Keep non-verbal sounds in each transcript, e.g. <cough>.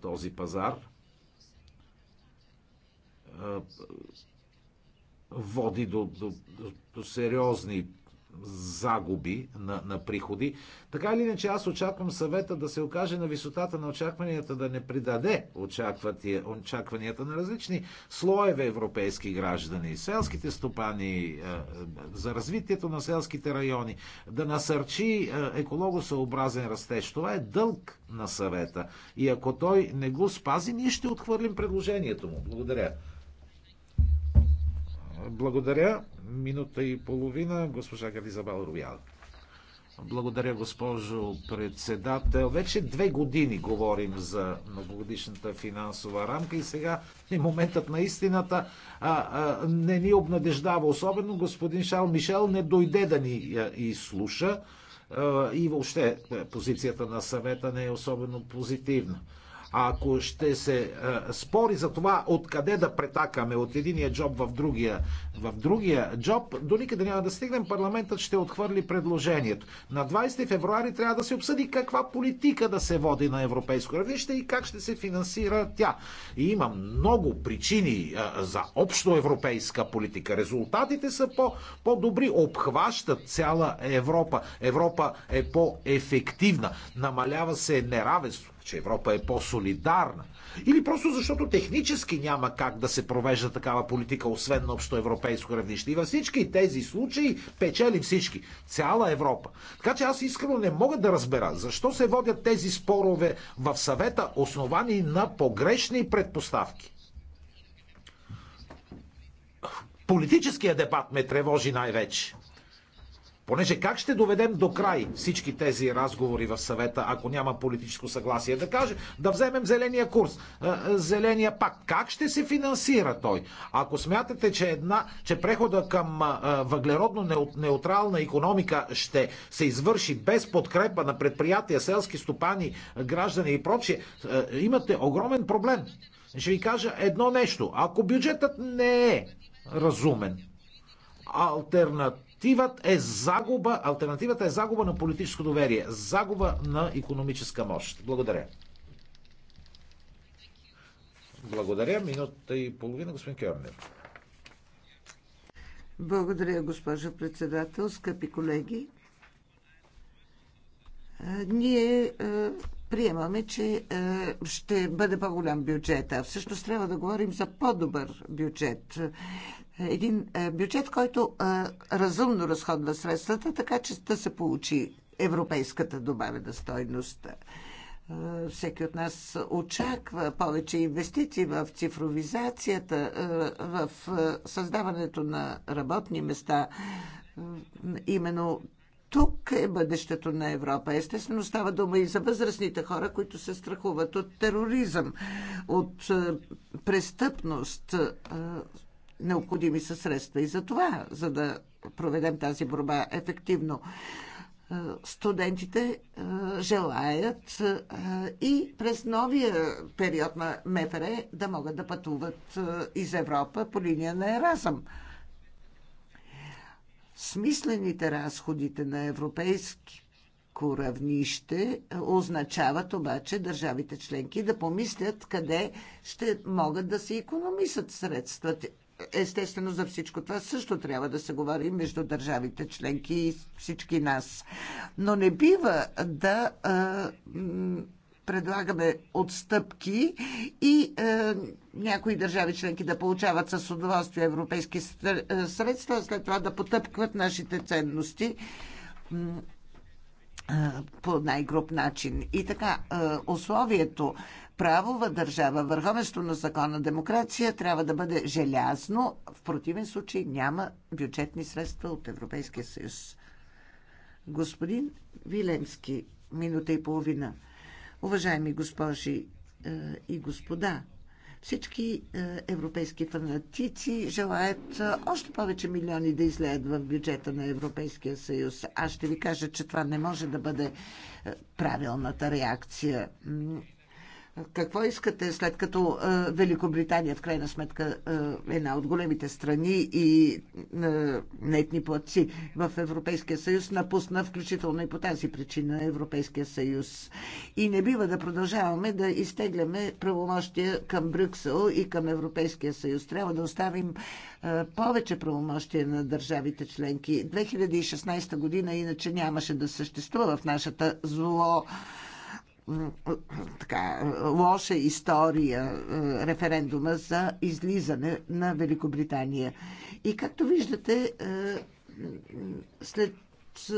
този пазар води до, до, до сериозни загуби на, на приходи. Така или иначе аз очаквам съвета да се окаже на висотата на очакванията, да не придаде очакванията на различни слоеве европейски граждани, селските стопани, е, е, за развитието на селските райони, да насърчи е, екологосъобразен растеж. Това е дълг на съвета. И ако той не го спази, ние ще отхвърлим предложението му. Благодаря. Благодаря. Минута и половина, госпожа Гализабал Роял. Благодаря, госпожо председател. Вече две години говорим за многогодишната финансова рамка и сега е моментът на истината а, а, не ни обнадеждава. Особено господин Шал Мишел не дойде да ни а, изслуша а, и въобще е, позицията на съвета не е особено позитивна. А ако ще се а, спори за това откъде да претакаме от единия джоб в другия, в другия джоб, до никъде няма да стигнем, парламентът ще отхвърли предложението. На 20 февруари трябва да се обсъди каква политика да се води на европейско равнище и как ще се финансира тя. И има много причини а, за общо европейска политика. Резултатите са по, по-добри, обхващат цяла Европа. Европа е по-ефективна, намалява се неравенство че Европа е по-солидарна, или просто защото технически няма как да се провежда такава политика, освен на европейско равнище. И във всички тези случаи печелим всички. Цяла Европа. Така че аз искрено не мога да разбера защо се водят тези спорове в съвета, основани на погрешни предпоставки. Политическия дебат ме тревожи най-вече. Понеже как ще доведем до край всички тези разговори в съвета, ако няма политическо съгласие? Да каже, да вземем зеления курс, зеления пак. Как ще се финансира той? Ако смятате, че, една, че прехода към въглеродно неутрална економика ще се извърши без подкрепа на предприятия, селски стопани, граждани и прочие, имате огромен проблем. Ще ви кажа едно нещо. Ако бюджетът не е разумен, альтернатива Альтернативът е загуба, альтернативата е загуба на политическо доверие, загуба на економическа мощ. Благодаря. Благодаря. Минута и половина, господин Кьорнер. Благодаря, госпожо председател, скъпи колеги. Ние приемаме, че е, ще бъде по-голям бюджет, а всъщност трябва да говорим за по-добър бюджет. Един е, бюджет, който е, разумно разходва средствата, така че да се получи европейската добавена стойност. Всеки от нас очаква повече инвестиции в цифровизацията, в създаването на работни места. Именно тук е бъдещето на Европа. Естествено става дума и за възрастните хора, които се страхуват от тероризъм, от е, престъпност. Е, необходими са средства и за това, за да проведем тази борба ефективно. Е, студентите желаят и през новия период на МФР да могат да пътуват из Европа по линия на Еразъм. Смислените разходите на европейски равнище означават обаче държавите членки да помислят къде ще могат да се економисат средствата. Естествено, за всичко това също трябва да се говори между държавите членки и всички нас. Но не бива да а, предлагаме отстъпки и е, някои държави членки да получават с удоволствие европейски е, средства, след това да потъпкват нашите ценности е, по най-груп начин. И така, е, условието правова държава, върховенство на закона, демокрация трябва да бъде желязно. В противен случай няма бюджетни средства от Европейския съюз. Господин Вилемски, минута и половина. Уважаеми госпожи е, и господа, всички е, европейски фанатици желаят е, още повече милиони да излеят в бюджета на Европейския съюз. Аз ще ви кажа, че това не може да бъде правилната реакция. Какво искате, след като е, Великобритания, в крайна сметка, е една от големите страни и е, нетни платци в Европейския съюз, напусна включително и по тази причина Европейския съюз. И не бива да продължаваме да изтегляме правомощия към Брюксел и към Европейския съюз. Трябва да оставим е, повече правомощия на държавите членки. 2016 година иначе нямаше да съществува в нашата зло така, лоша история е, референдума за излизане на Великобритания. И както виждате, е, след е,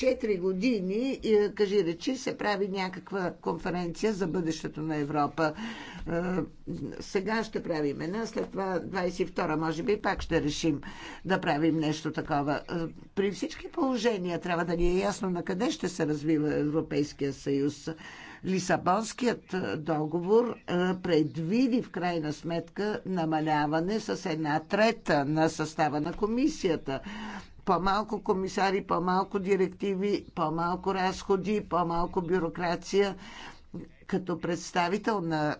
4 години, е, кажи речи, се прави някаква конференция за бъдещето на Европа. Е, сега ще правим една, след това 22-а, може би пак ще решим да правим нещо такова. Е, при всички положения трябва да ни е ясно на къде ще се развива Европейския съюз. Лисабонският договор предвиди в крайна сметка намаляване с една трета на състава на комисията по-малко комисари, по-малко директиви, по-малко разходи, по-малко бюрокрация. Като представител на е,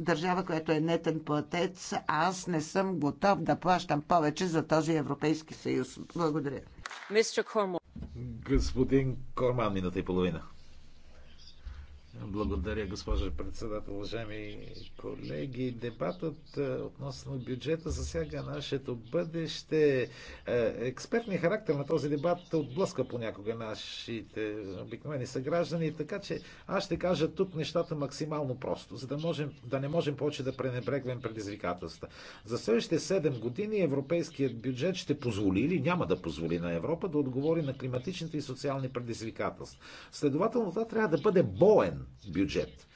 държава, която е нетен платец, аз не съм готов да плащам повече за този Европейски съюз. Благодаря. Господин Корман, минута и половина. Благодаря, госпожа председател. Уважаеми колеги, дебатът е, относно бюджета засяга нашето бъдеще. Е, експертният характер на този дебат отблъска понякога нашите обикновени съграждани, така че аз ще кажа тук нещата максимално просто, за да, можем, да не можем повече да пренебрегваме предизвикателства. За следващите 7 години европейският бюджет ще позволи или няма да позволи на Европа да отговори на климатичните и социални предизвикателства. Следователно, това трябва да бъде боен бюджет.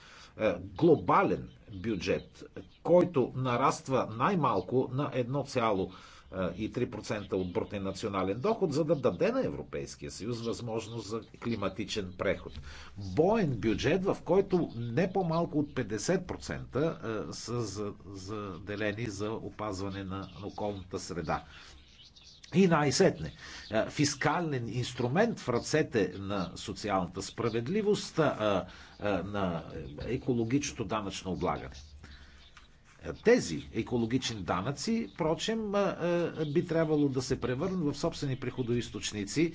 Е, глобален бюджет, който нараства най-малко на 1,3% е, от брутния национален доход, за да даде на Европейския съюз възможност за климатичен преход. Боен бюджет, в който не по-малко от 50% е, са заделени за опазване на околната среда. И най-сетне, фискален инструмент в ръцете на социалната справедливост, на екологичното данъчно облагане. Тези екологични данъци, прочим, би трябвало да се превърнат в собствени приходоисточници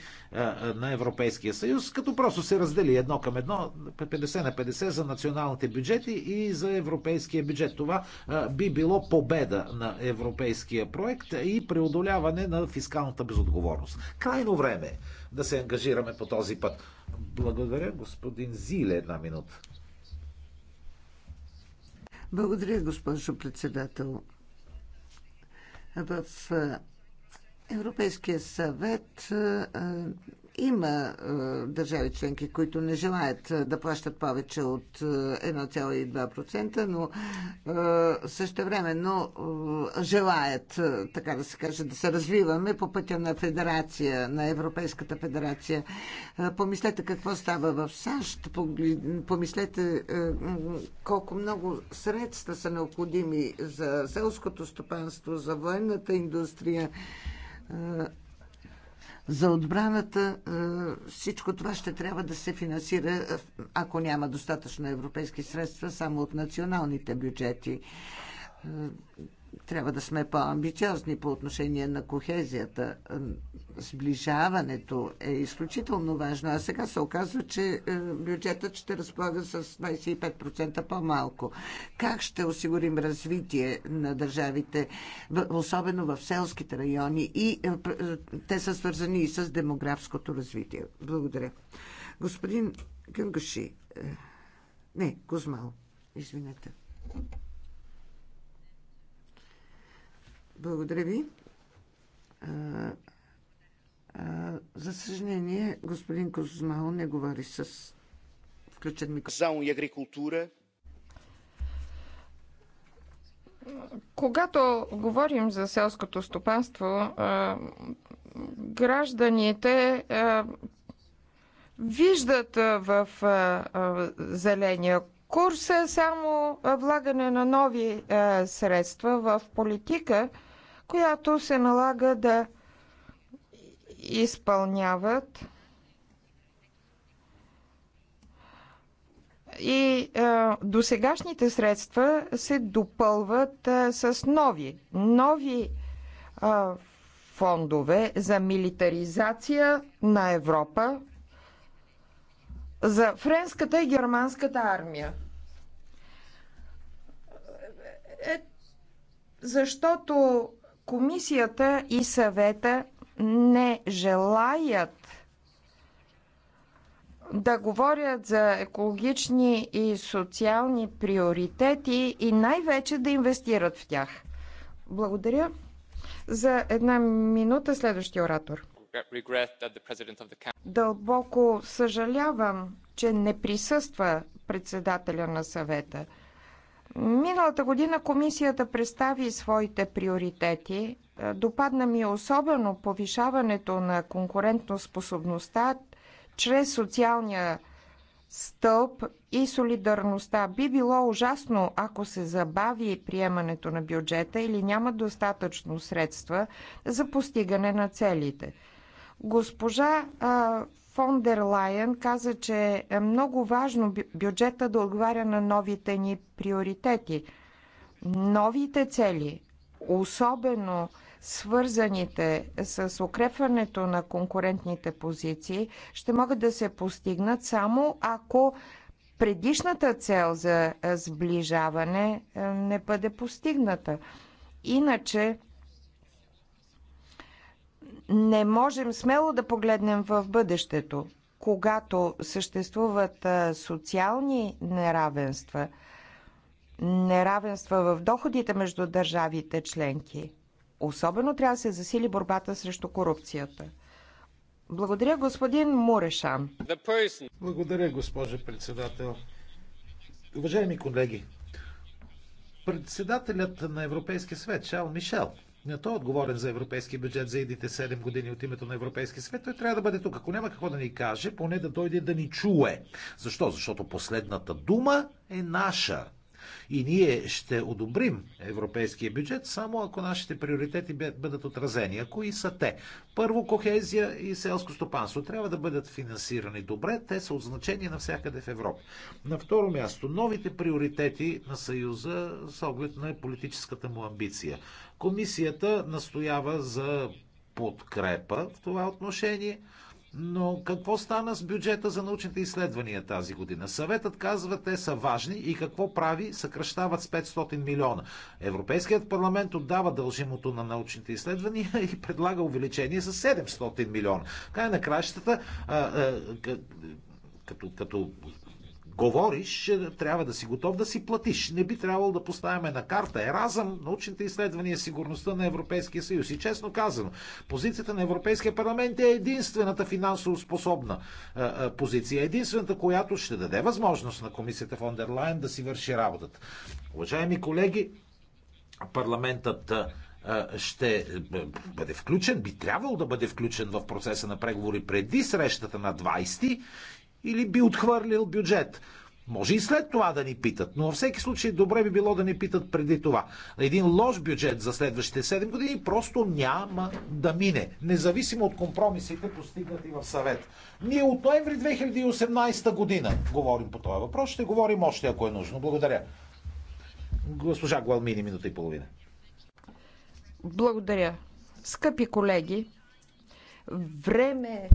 на Европейския съюз, като просто се раздели едно към едно, 50 на 50 за националните бюджети и за европейския бюджет. Това би било победа на европейския проект и преодоляване на фискалната безотговорност. Крайно време е да се ангажираме по този път. Благодаря, господин Зиле, една минута. Благодаря, госпожо председател. В Европейския съвет има а, е, държави членки, които не желаят е, да плащат повече от 1,2%, е, но време, но а, желаят, така да се каже, да се развиваме по пътя на федерация, на Европейската федерация. А, помислете какво става в САЩ, помислете а, колко много средства са необходими за селското стопанство, за военната индустрия за отбраната е, всичко това ще трябва да се финансира, е, ако няма достатъчно европейски средства, само от националните бюджети. Е, трябва да сме по-амбициозни по отношение на кохезията. Сближаването е изключително важно, а сега се оказва, че е, бюджетът ще разполага с 25% по-малко. Как ще осигурим развитие на държавите, особено в селските райони и е, е, те са свързани и с демографското развитие? Благодаря. Господин Гънгуши, не, Кузмал, извинете. Благодаря ви. За съжаление, господин Козмал не говори с включен микрофон. и агрикултура. Когато говорим за селското стопанство, гражданите виждат в зеления курс само влагане на нови средства в политика – която се налага да изпълняват и а, досегашните средства се допълват а, с нови, нови а, фондове за милитаризация на Европа, за френската и германската армия. Е, защото Комисията и съвета не желаят да говорят за екологични и социални приоритети и най-вече да инвестират в тях. Благодаря. За една минута следващия оратор. Дълбоко съжалявам, че не присъства председателя на съвета. Миналата година комисията представи своите приоритети. Е, допадна ми особено повишаването на конкурентоспособността чрез социалния стълб и солидарността. Би било ужасно, ако се забави приемането на бюджета или няма достатъчно средства за постигане на целите. Госпожа фон дер Лайен каза, че е много важно бюджета да отговаря на новите ни приоритети. Новите цели, особено свързаните с укрепването на конкурентните позиции, ще могат да се постигнат само ако предишната цел за сближаване не бъде постигната. Иначе не можем смело да погледнем в бъдещето, когато съществуват социални неравенства, неравенства в доходите между държавите членки. Особено трябва да се засили борбата срещу корупцията. Благодаря, господин Мурешан. Благодаря, госпожо председател. Уважаеми колеги, председателят на Европейския свет, Шал Мишел, не той е отговорен за европейски бюджет за едните 7 години от името на Европейски съвет. Той трябва да бъде тук. Ако няма какво да ни каже, поне да дойде да ни чуе. Защо? Защото последната дума е наша. И ние ще одобрим европейския бюджет само ако нашите приоритети бъдат отразени. Ако и са те. Първо, кохезия и селско стопанство трябва да бъдат финансирани добре. Те са от значение навсякъде в Европа. На второ място, новите приоритети на Съюза с оглед на политическата му амбиция. Комисията настоява за подкрепа в това отношение. Но какво стана с бюджета за научните изследвания тази година? Съветът казва, те са важни и какво прави? Съкръщават с 500 милиона. Европейският парламент отдава дължимото на научните изследвания <laughs> и предлага увеличение с 700 милиона. Край на кращата, като, като говориш, е, трябва да си готов да си платиш. Не би трябвало да поставяме на карта Еразъм, научните изследвания, сигурността на Европейския съюз. И честно казано, позицията на Европейския парламент е единствената финансово способна е, е, позиция, единствената, която ще даде възможност на комисията в Ондерлайн да си върши работата. Уважаеми колеги, парламентът ще бъде включен, би трябвало да бъде включен в процеса на преговори преди срещата на 20 или би отхвърлил бюджет. Може и след това да ни питат, но във всеки случай добре би било да ни питат преди това. Един лош бюджет за следващите 7 години просто няма да мине, независимо от компромисите постигнати в съвет. Ние от ноември 2018 година говорим по този въпрос, ще говорим още ако е нужно. Благодаря. Госпожа Гуалмини, минута и половина. Благодаря. Скъпи колеги, време е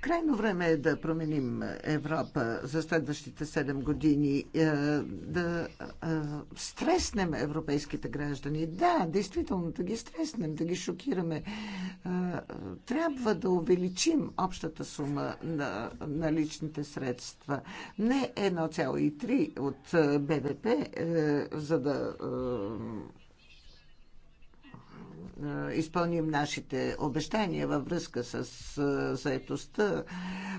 Крайно време е да променим Европа за следващите 7 години, е, да е, стреснем европейските граждани. Да, действително да ги стреснем, да ги шокираме. Е, трябва да увеличим общата сума на наличните средства. Не 1,3 от БВП, за да изпълним нашите обещания във връзка с заетостта.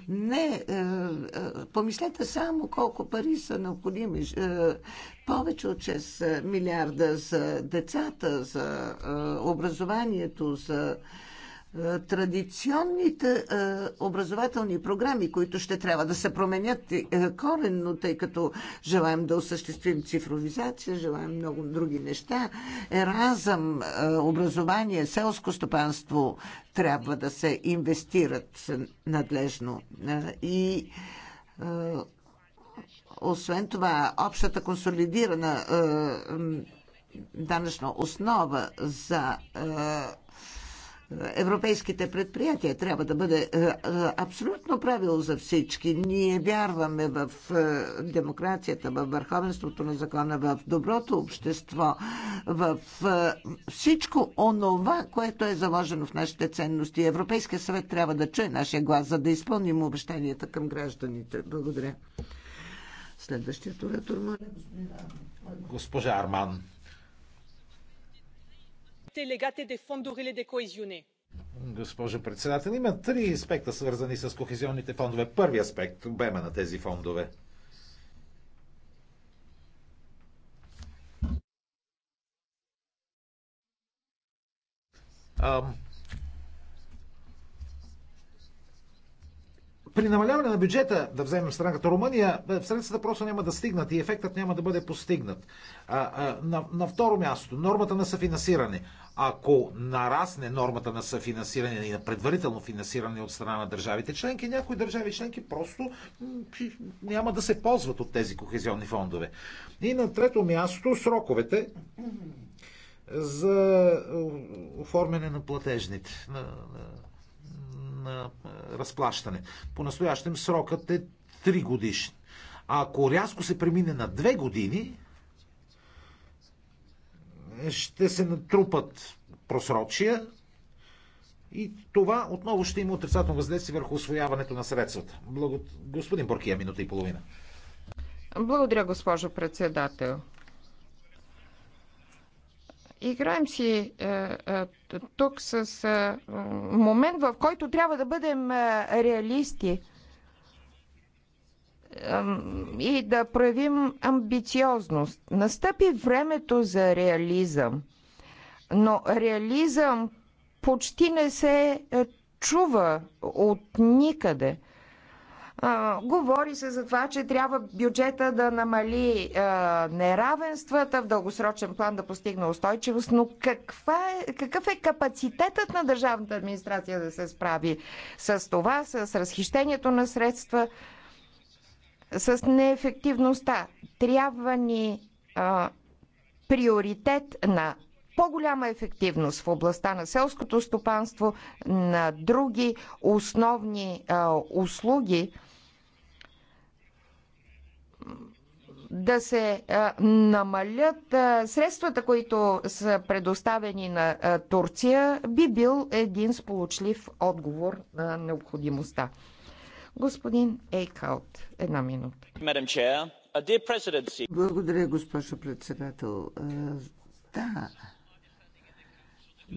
Не, помислете само колко пари са необходими. Повече от 6 милиарда за децата, за образованието, за е, традиционните е, образователни програми, които ще трябва да се променят е, коренно, тъй като желаем да осъществим цифровизация, желаем много други неща. Еразъм, образование, селско стопанство трябва да се инвестират надлежно. И освен това, общата консолидирана данъчна основа за европейските предприятия трябва да бъде е, е, абсолютно правило за всички. Ние вярваме в е, демокрацията, в върховенството на закона, в доброто общество, в всичко онова, което е заложено в нашите ценности. Европейския съвет трябва да чуе нашия глас, за да изпълним обещанията към гражданите. Благодаря. Следващият оратор, моля. Госпожа Арман. Легате де fondurile де коизионе госпожо председател. Има три аспекта, свързани с кохезионните фондове. Първи аспект – обема на тези фондове. Ам, при намаляване на бюджета, да вземем страна като Румъния, е, средствата просто няма да стигнат и ефектът няма да бъде постигнат. А, а, на, на второ място, нормата на съфинансиране. Ако нарасне нормата на съфинансиране и на предварително финансиране от страна на държавите членки, някои държави членки просто няма да се ползват от тези кохезионни фондове. И на трето място, сроковете за е, оформяне на платежните, на, на на е, разплащане. По-настоящем срокът е 3 годишен. А ако рязко се премине на 2 години, ще се натрупат просрочия и това отново ще има отрицателно въздействие върху освояването на средствата. Благо... Господин Боркия, минута и половина. Благодаря, госпожо председател играем си е, е, тук с е, момент, в който трябва да бъдем реалисти и да проявим амбициозност. Настъпи времето за реализъм, но реализъм почти не се чува от никъде – говори се за това, че трябва бюджета да намали а, неравенствата, в дългосрочен план да постигне устойчивост, но каква е, какъв е капацитетът на държавната администрация да се справи с това, с разхищението на средства, с неефективността? Трябва ни а, приоритет на по-голяма ефективност в областта на селското стопанство, на други основни а, услуги. да се намалят средствата, които са предоставени на Турция, би бил един сполучлив отговор на необходимостта. Господин Ейкаут, една минута. Благодаря, госпожо председател. Да,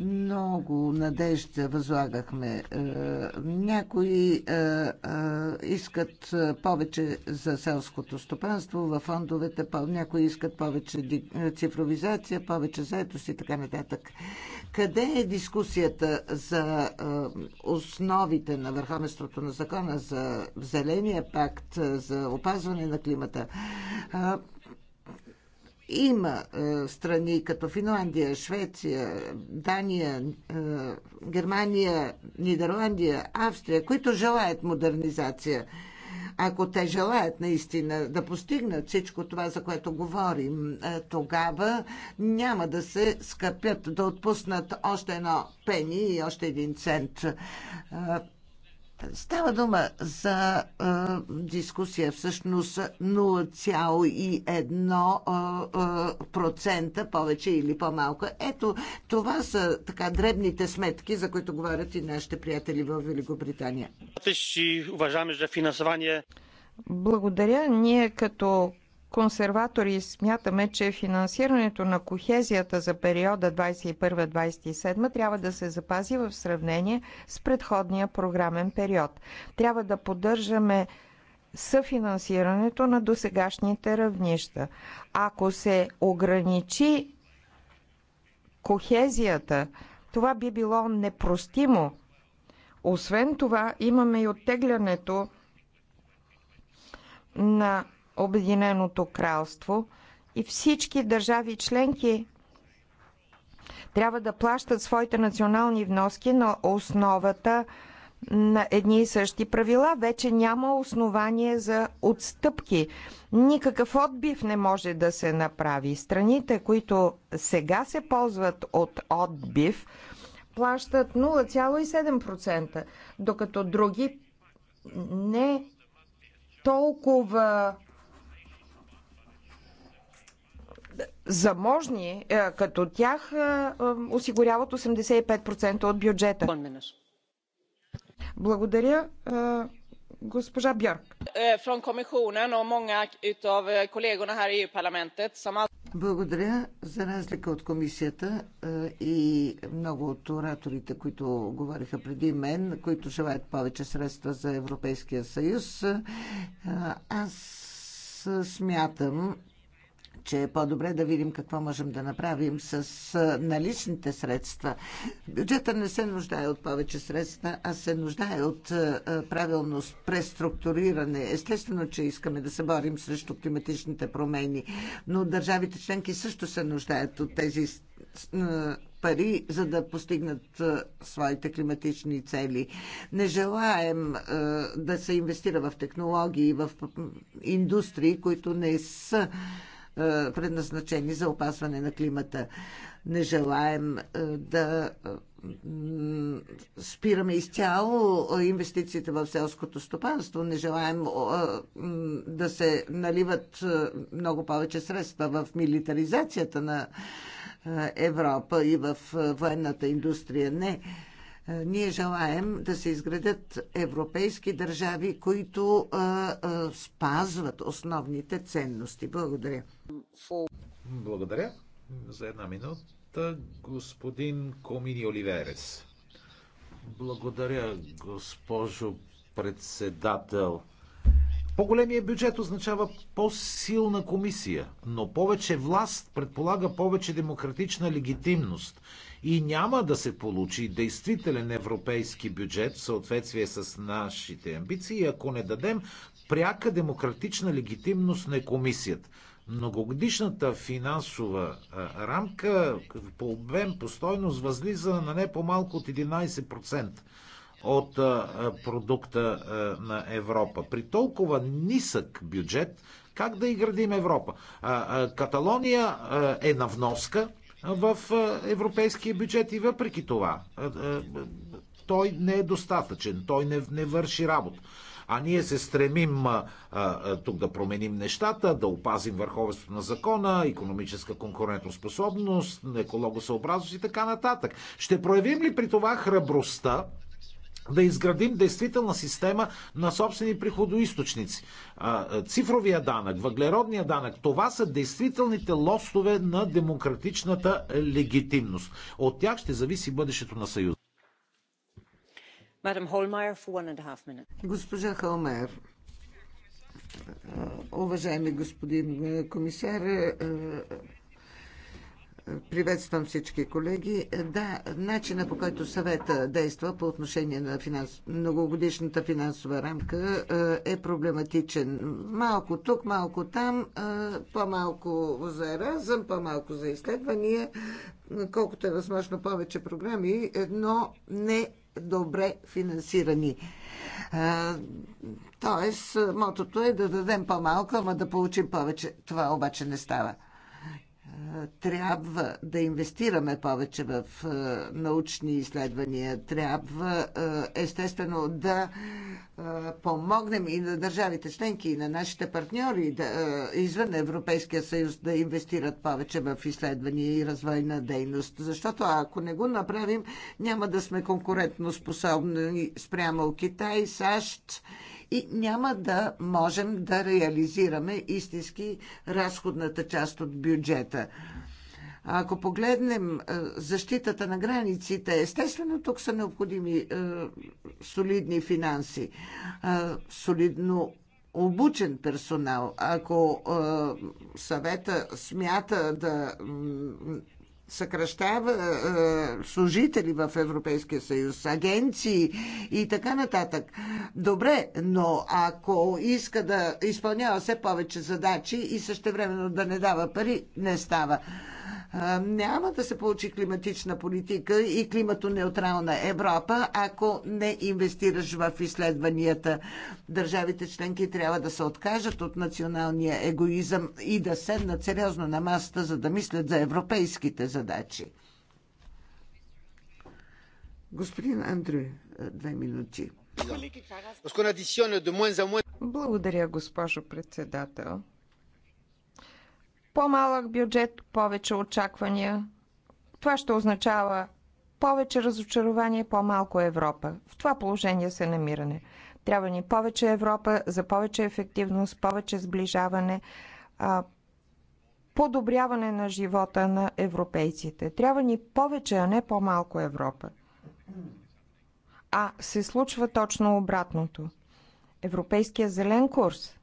много надежда възлагахме. Е, някои е, е, искат повече за селското стопанство в фондовете, някои искат повече цифровизация, повече заетост и така нататък. Къде е дискусията за основите на върховенството на закона, за Зеления пакт, за опазване на климата? Има е, страни като Финландия, Швеция, Дания, е, Германия, Нидерландия, Австрия, които желаят модернизация. Ако те желаят наистина да постигнат всичко това, за което говорим, е, тогава няма да се скъпят да отпуснат още едно пени и още един цент. Е, Става дума за а, дискусия всъщност 0,1% повече или по-малко. Ето, това са така дребните сметки, за които говорят и нашите приятели в Великобритания. Благодаря. Ние като консерватори смятаме, че финансирането на кохезията за периода 2021-2027 трябва да се запази в сравнение с предходния програмен период. Трябва да поддържаме съфинансирането на досегашните равнища. Ако се ограничи кохезията, това би било непростимо. Освен това, имаме и оттеглянето на Обединеното кралство и всички държави членки трябва да плащат своите национални вноски на основата на едни и същи правила. Вече няма основание за отстъпки. Никакъв отбив не може да се направи. Страните, които сега се ползват от отбив, плащат 0,7%, докато други не толкова заможни е, като тях е, е, осигуряват 85% от бюджета. Благодаря, госпожа Бьорк. Благодаря. За разлика от комисията и много от ораторите, които говориха преди мен, които желаят повече средства за Европейския съюз, аз смятам, че е по-добре да видим какво можем да направим с наличните средства. Бюджета не се нуждае от повече средства, а се нуждае от правилно преструктуриране. Естествено, че искаме да се борим срещу климатичните промени, но държавите членки също се нуждаят от тези пари, за да постигнат своите климатични цели. Не желаем да се инвестира в технологии, в индустрии, които не са е, предназначени за опасване на климата. Не желаем е, да е, спираме изцяло инвестициите в селското стопанство. Не желаем да се наливат много повече средства в милитаризацията на Европа и в военната индустрия. Не е, ние желаем да се изградят европейски държави, които е, е, спазват основните ценности. Благодаря. Благодаря. За една минута господин Комини Оливерес. Благодаря, госпожо председател. По-големия бюджет означава по-силна комисия, но повече власт предполага повече демократична легитимност и няма да се получи действителен европейски бюджет в съответствие с нашите амбиции, ако не дадем пряка демократична легитимност на комисията. Многогодишната финансова рамка по обем, по стойност възлиза на не по-малко от 11% от продукта на Европа. При толкова нисък бюджет, как да и градим Европа? Каталония е на вноска, в европейския бюджет и въпреки това той не е достатъчен, той не, не върши работа. А ние се стремим а, а, тук да променим нещата, да опазим върховенството на закона, економическа конкурентоспособност, екологосъобразност и така нататък. Ще проявим ли при това храбростта да изградим действителна система на собствени приходоисточници. Цифровия данък, въглеродния данък, това са действителните лостове на демократичната легитимност. От тях ще зависи бъдещето на Съюза. Госпожа Холмайер, уважаеми господин е, комисар, е, Приветствам всички колеги. Да, начина по който съвета действа по отношение на финанс... многогодишната финансова рамка е проблематичен. Малко тук, малко там, по-малко за разъм, по-малко за изследвания, колкото е възможно повече програми, но не добре финансирани. Тоест, мотото е да дадем по-малко, ама да получим повече. Това обаче не става трябва да инвестираме повече в е, научни изследвания. Трябва е, естествено да е, помогнем и на държавите членки, и на нашите партньори да, извън Европейския съюз да инвестират повече в изследвания и развойна дейност. Защото ако не го направим, няма да сме конкурентно способни спрямо Китай, САЩ и няма да можем да реализираме истински разходната част от бюджета. Ако погледнем е, защитата на границите, естествено тук са необходими е, солидни финанси, е, солидно обучен персонал. Ако съвета смята да съкръщава е, е, служители в Европейския съюз, агенции и така нататък. Добре, но ако иска да изпълнява все повече задачи и същевременно да не дава пари, не става няма да се получи климатична политика и климатонеутрална Европа, ако не инвестираш в изследванията. Държавите членки трябва да се откажат от националния егоизъм и да седнат сериозно на масата, за да мислят за европейските задачи. Господин Андрю, две минути. Благодаря, госпожо председател. По-малък бюджет, повече очаквания. Това ще означава повече разочарование, по-малко Европа. В това положение се намиране. Трябва ни повече Европа за повече ефективност, повече сближаване, подобряване на живота на европейците. Трябва ни повече, а не по-малко Европа. А се случва точно обратното. Европейския зелен курс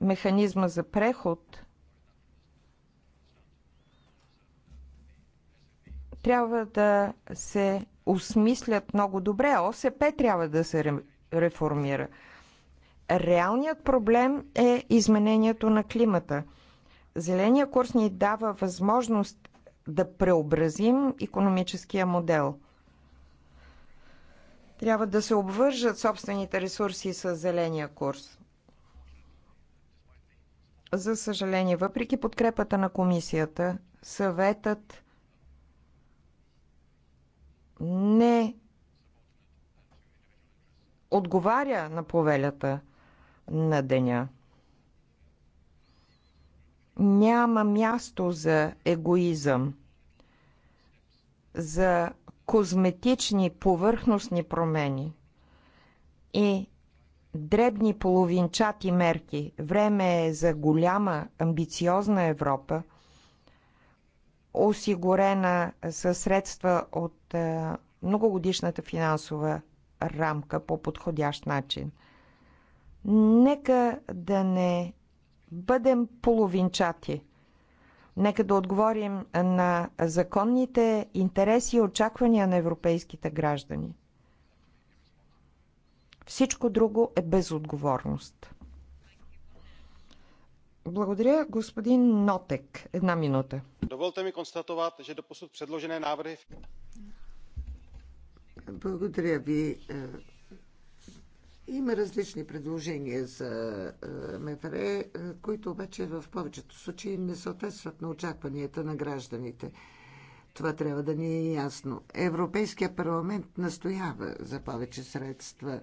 механизма за преход, трябва да се осмислят много добре. ОСП трябва да се реформира. Реалният проблем е изменението на климата. Зеления курс ни дава възможност да преобразим економическия модел. Трябва да се обвържат собствените ресурси с зеления курс. За съжаление, въпреки подкрепата на комисията, съветът не отговаря на повелята на деня. Няма място за егоизъм, за козметични, повърхностни промени и дребни половинчати мерки. Време е за голяма, амбициозна Европа, осигурена със средства от е, многогодишната финансова рамка по подходящ начин. Нека да не бъдем половинчати. Нека да отговорим на законните интереси и очаквания на европейските граждани. Всичко друго е безотговорност. Благодаря, господин Нотек. Една минута. Доволте ми констатуват, че doposud předložené наври. Благодаря ви. Е, има различни предложения за е, МФР, е, които обаче в повечето случаи не съответстват на очакванията на гражданите. Това трябва да ни е ясно. Европейския парламент настоява за повече средства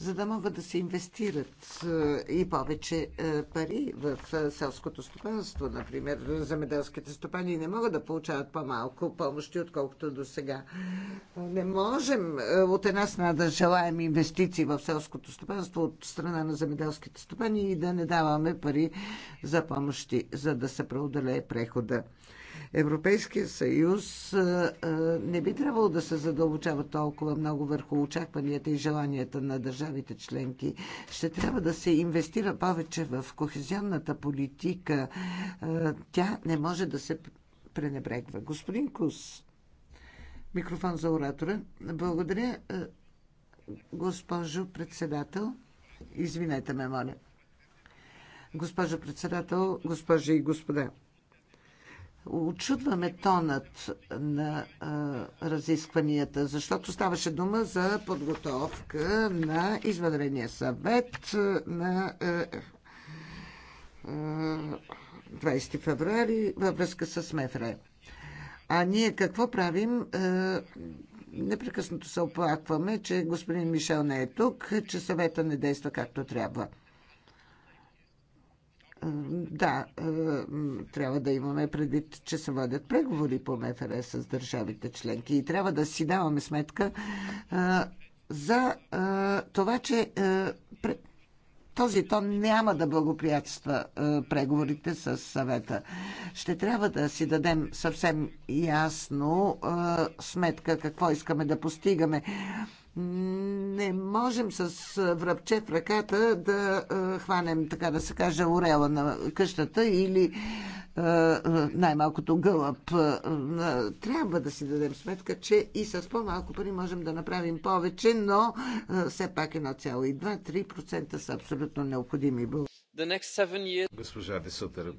за да могат да се инвестират е, и повече е, пари в е, селското стопанство. Например, земеделските стопани не могат да получават по-малко помощи, отколкото до сега. Не можем от една страна да желаем инвестиции в селското стопанство от страна на земеделските стопани и да не даваме пари за помощи, за да се преодолее прехода. Европейския съюз не би трябвало да се задълбочава толкова много върху очакванията и желанията на държавите членки. Ще трябва да се инвестира повече в кохезионната политика. Тя не може да се пренебрегва. Господин Кус, микрофон за оратора. Благодаря, госпожо председател. Извинете ме, моля. Госпожо председател, госпожи и господа очудваме тонът на а, разискванията, защото ставаше дума за подготовка на извънредния съвет на а, а, 20 февруари във връзка с МЕФРЕ. А ние какво правим? А, непрекъснато се оплакваме, че господин Мишел не е тук, че съвета не действа както трябва. Да, е, трябва да имаме предвид, че се водят преговори по МФР с държавите членки и трябва да си даваме сметка е, за е, това, че този тон няма да благоприятства преговорите с съвета. Ще трябва да си дадем съвсем ясно сметка какво искаме да постигаме не можем с връбче в ръката да хванем, така да се каже, орела на къщата или най-малкото гълъб. Трябва да си дадем сметка, че и с по-малко пари можем да направим повече, но все пак 1,2-3% са абсолютно необходими. Госпожа Десутър,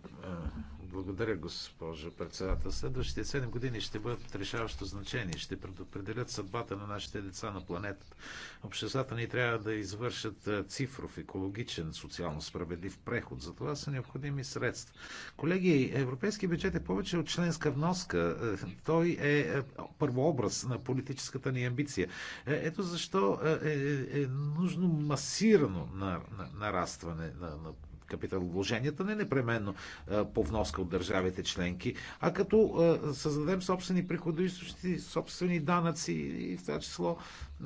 благодаря, госпожо председател. Следващите 7 години ще бъдат решаващо значение. Ще предопределят съдбата на нашите деца на планетата. Обществата ни трябва да извършат цифров, екологичен, социално справедлив преход. За това са необходими средства. Колеги, европейски бюджет е повече от членска вноска. Той е първообраз на политическата ни амбиция. Ето защо е, е, е, нужно масирано нарастване на, на капиталовложенията не непременно по вноска от държавите членки, а като създадем собствени приходоисточници, собствени данъци и в това число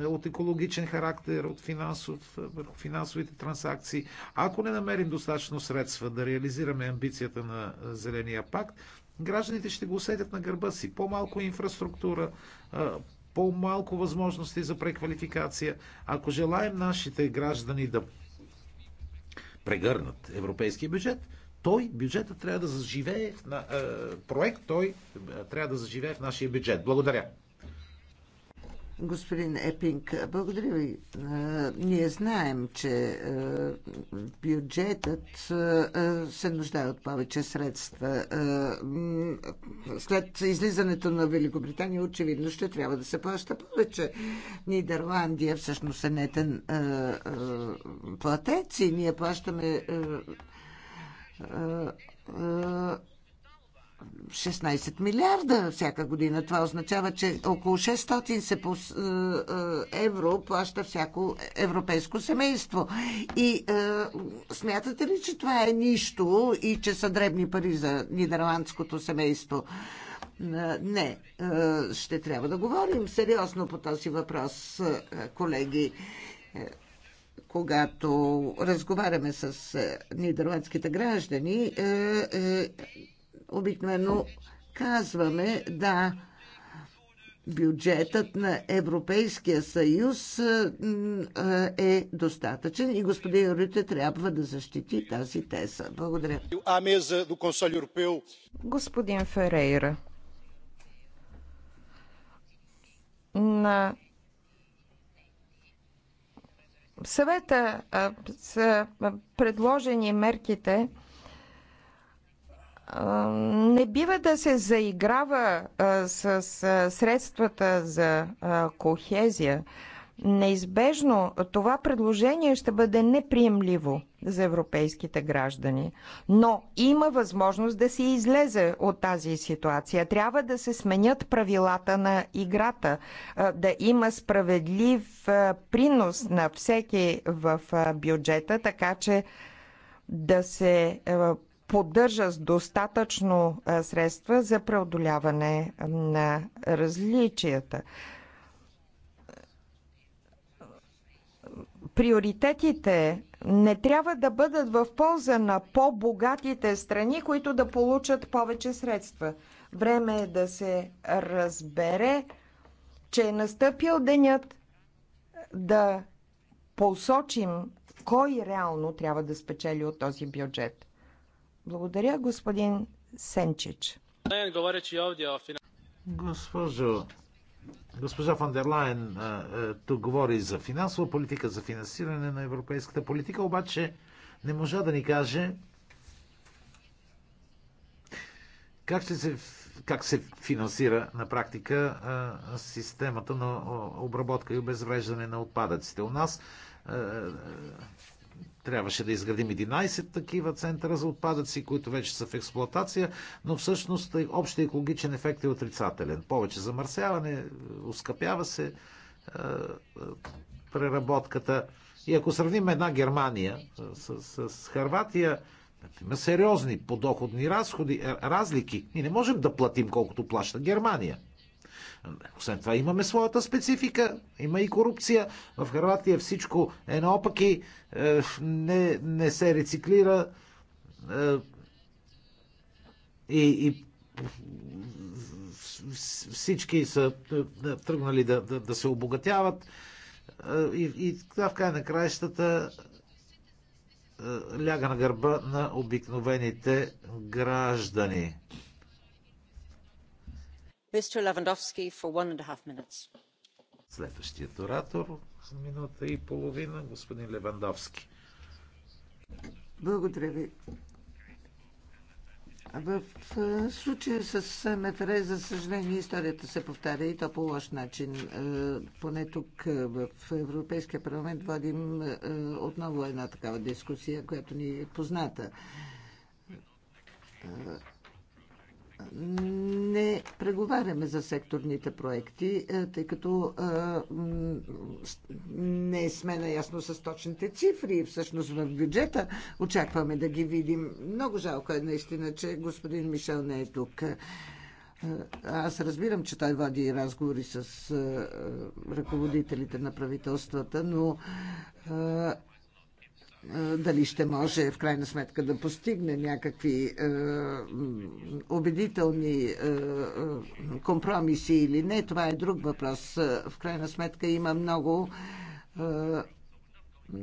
е, от екологичен характер, от финансов, е, върху финансовите транзакции. Ако не намерим достатъчно средства да реализираме амбицията на е, Зеления пакт, гражданите ще го усетят на гърба си. По-малко инфраструктура, по-малко възможности за преквалификация. Ако желаем нашите граждани да прегърнат европейския бюджет, той, бюджета трябва да заживее, е, проект той е, трябва да заживее в нашия бюджет. Благодаря. Господин Епинг, благодаря ви. Ние знаем, че бюджетът се нуждае от повече средства. След излизането на Великобритания, очевидно ще трябва да се плаща повече. Нидерландия всъщност е нетен платец и ние плащаме 16 милиарда всяка година. Това означава, че около 600 се по, е, е, евро плаща всяко европейско семейство. И е, смятате ли, че това е нищо и че са дребни пари за нидерландското семейство? Е, не, ще трябва да говорим сериозно по този въпрос, колеги когато разговаряме с нидерландските граждани, обикновено казваме да, бюджетът на Европейския съюз е достатъчен и господин Рюте трябва да защити тази теза. Благодаря. Господин Ферейра, на съвета са предложени мерките, не бива да се заиграва с средствата за кохезия. Неизбежно това предложение ще бъде неприемливо за европейските граждани. Но има възможност да се излезе от тази ситуация. Трябва да се сменят правилата на играта, да има справедлив принос на всеки в бюджета, така че да се поддържа с достатъчно средства за преодоляване на различията. Приоритетите не трябва да бъдат в полза на по-богатите страни, които да получат повече средства. Време е да се разбере, че е настъпил денят да посочим кой реално трябва да спечели от този бюджет. Благодаря, господин Сенчич. Госпожо, госпожа Фандерлайн тук говори за финансова политика, за финансиране на европейската политика, обаче не можа да ни каже как ще се как се финансира на практика системата на обработка и обезвреждане на отпадъците. У нас Трябваше да изградим 11 такива центъра за отпадъци, които вече са в експлоатация, но всъщност общия екологичен ефект е отрицателен. Повече замърсяване, ускъпява е, се е, е, преработката. И ако сравним една Германия е, с, с, с Харватия, има сериозни подоходни разходи, разлики. Ние не можем да платим колкото плаща Германия. Освен това имаме своята специфика, има и корупция. В Харватия всичко е наопаки, е, не, не се рециклира е, и, и всички са е, тръгнали да, да, да се обогатяват и, и в край на краищата ляга на гърба на обикновените граждани. Следващият оратор за минута и половина, господин Левандовски. Благодаря ви. В случая с МФР, за съжаление, историята се повтаря и то по лош начин. Поне тук в Европейския парламент водим отново една такава дискусия, която ни е позната не преговаряме за секторните проекти, е, тъй като е, не сме наясно с точните цифри. Всъщност в бюджета очакваме да ги видим. Много жалко е наистина, че господин Мишел не е тук. Е, аз разбирам, че той води разговори с ръководителите на правителствата, но дали ще може в крайна сметка да постигне някакви е, убедителни е, е, компромиси или не, това е друг въпрос. Е, в крайна сметка има много е, е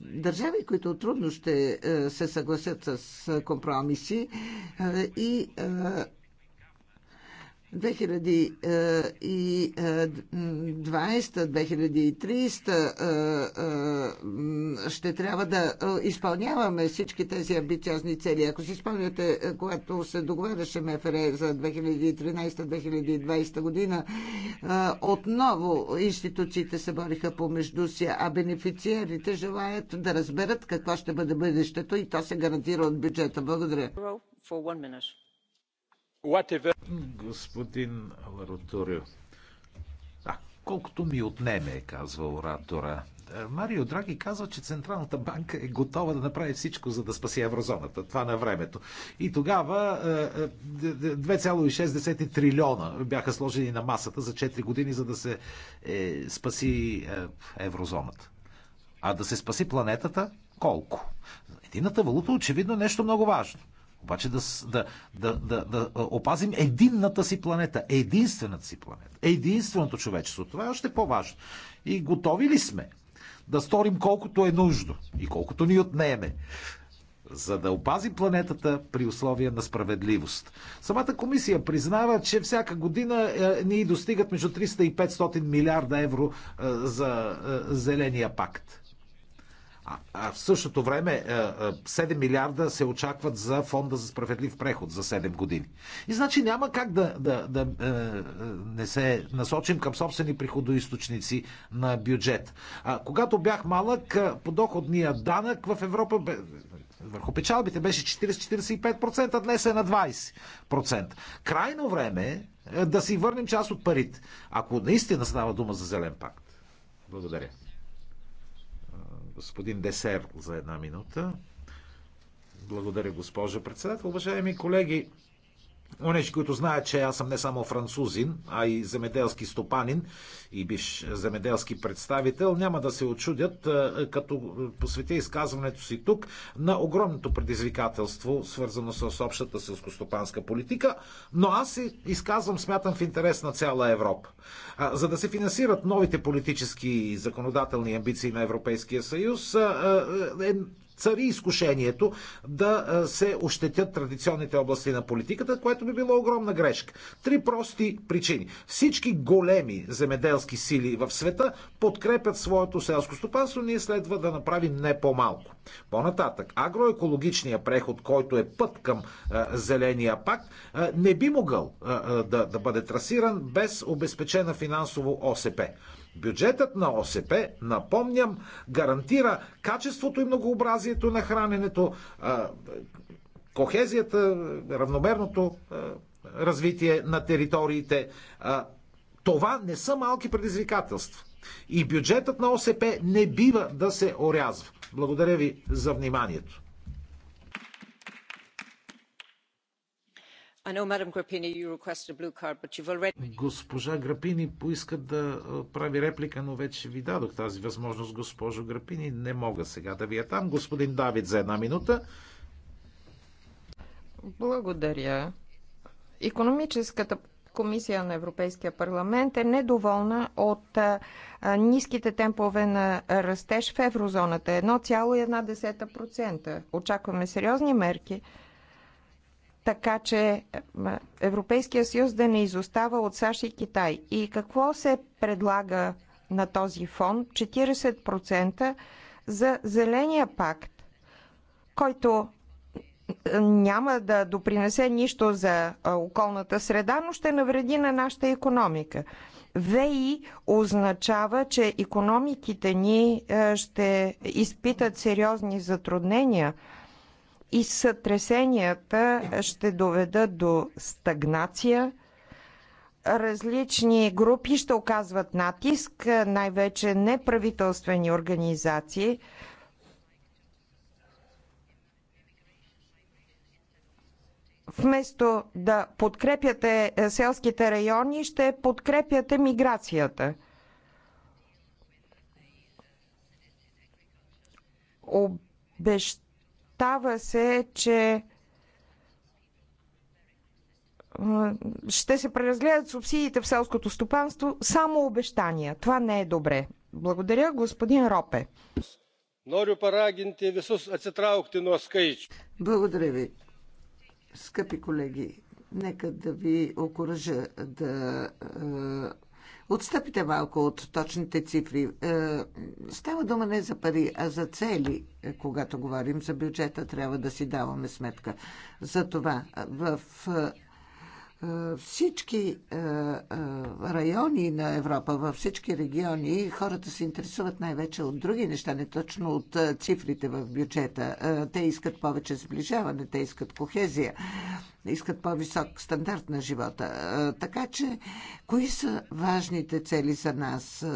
държави, които трудно ще се съгласят с компромиси и 2020-2030 е, е, е, ще трябва да изпълняваме всички тези амбициозни цели. Ако си спомняте, когато се договаряше МФР за 2013-2020 година, отново институциите се бориха помежду си, а бенефициерите желаят да разберат какво ще бъде бъдещето и то се гарантира от бюджета. Благодаря. Господин Лароторио, а, колкото ми отнеме, казва оратора, е, Марио Драги казва, че Централната банка е готова да направи всичко, за да спаси еврозоната. Това на времето. И тогава 2,6 е, е, трилиона бяха сложени на масата за 4 години, за да се е, спаси еврозоната. А да се спаси планетата, колко? Едината валута очевидно нещо много важно. Обаче да, да, да, да, да опазим единната си планета, единствената си планета, единственото човечество. Това е още по-важно. И готови ли сме да сторим колкото е нужно и колкото ни отнеме, за да опази планетата при условия на справедливост. Самата комисия признава, че всяка година е, ни достигат между 300 и 500 милиарда евро е, за е, зеления пакт. А, в същото време 7 е, е, милиарда се очакват за фонда за справедлив преход за 7 години. И значи няма как да, да, да е, не се насочим към собствени приходоисточници на бюджет. А, когато бях малък, подоходния данък в Европа върху печалбите беше 40-45%, днес е на 20%. Крайно време да си върнем част от парите, ако наистина става дума за зелен пакт. Благодаря господин Десер за една минута. Благодаря, госпожо председател. Уважаеми колеги, Онези, които знаят, че аз съм не само французин, а и земеделски стопанин и биш земеделски представител, няма да се очудят, като посветя изказването си тук на огромното предизвикателство, свързано с общата селскостопанска политика, но аз се изказвам, смятам, в интерес на цяла Европа. За да се финансират новите политически и законодателни амбиции на Европейския съюз, е цари изкушението да се ощетят традиционните области на политиката, което би било огромна грешка. Три прости причини. Всички големи земеделски сили в света подкрепят своето селско стопанство, ние следва да направим не по-малко. По-нататък, агроекологичният преход, който е път към а, Зеления пакт, а, не би могъл а, да, да бъде трасиран без обезпечена финансово ОСП. Бюджетът на ОСП, напомням, гарантира качеството и многообразието на храненето, кохезията, равномерното развитие на териториите. Това не са малки предизвикателства. И бюджетът на ОСП не бива да се орязва. Благодаря ви за вниманието. Госпожа Грапини поиска да прави реплика, но вече ви дадох тази възможност, госпожо Грапини. Не мога сега да ви я там. Господин Давид за една минута. Благодаря. Економическата комисия на Европейския парламент е недоволна от ниските темпове на растеж в еврозоната 1,1%. Очакваме сериозни мерки така че Европейския съюз да не изостава от САЩ и Китай. И какво се предлага на този фон? 40% за Зеления пакт, който няма да допринесе нищо за околната среда, но ще навреди на нашата економика. ВИ означава, че економиките ни ще изпитат сериозни затруднения – и сътресенията ще доведат до стагнация. Различни групи ще оказват натиск, най-вече неправителствени организации. Вместо да подкрепяте селските райони, ще подкрепяте миграцията. Обещавам Става се, че ще се преразгледат субсидиите в селското стопанство само обещания. Това не е добре. Благодаря, господин Ропе. Благодаря ви. Скъпи колеги, нека да ви окоръжа да отстъпите малко от точните цифри. Е, става дума не за пари, а за цели. Е, когато говорим за бюджета, трябва да си даваме сметка. За това е, в всички райони на Европа, във всички региони, хората се интересуват най-вече от други неща, не точно от цифрите в бюджета. Те искат повече сближаване, те искат кохезия, искат по-висок стандарт на живота. Така че, кои са важните цели за нас?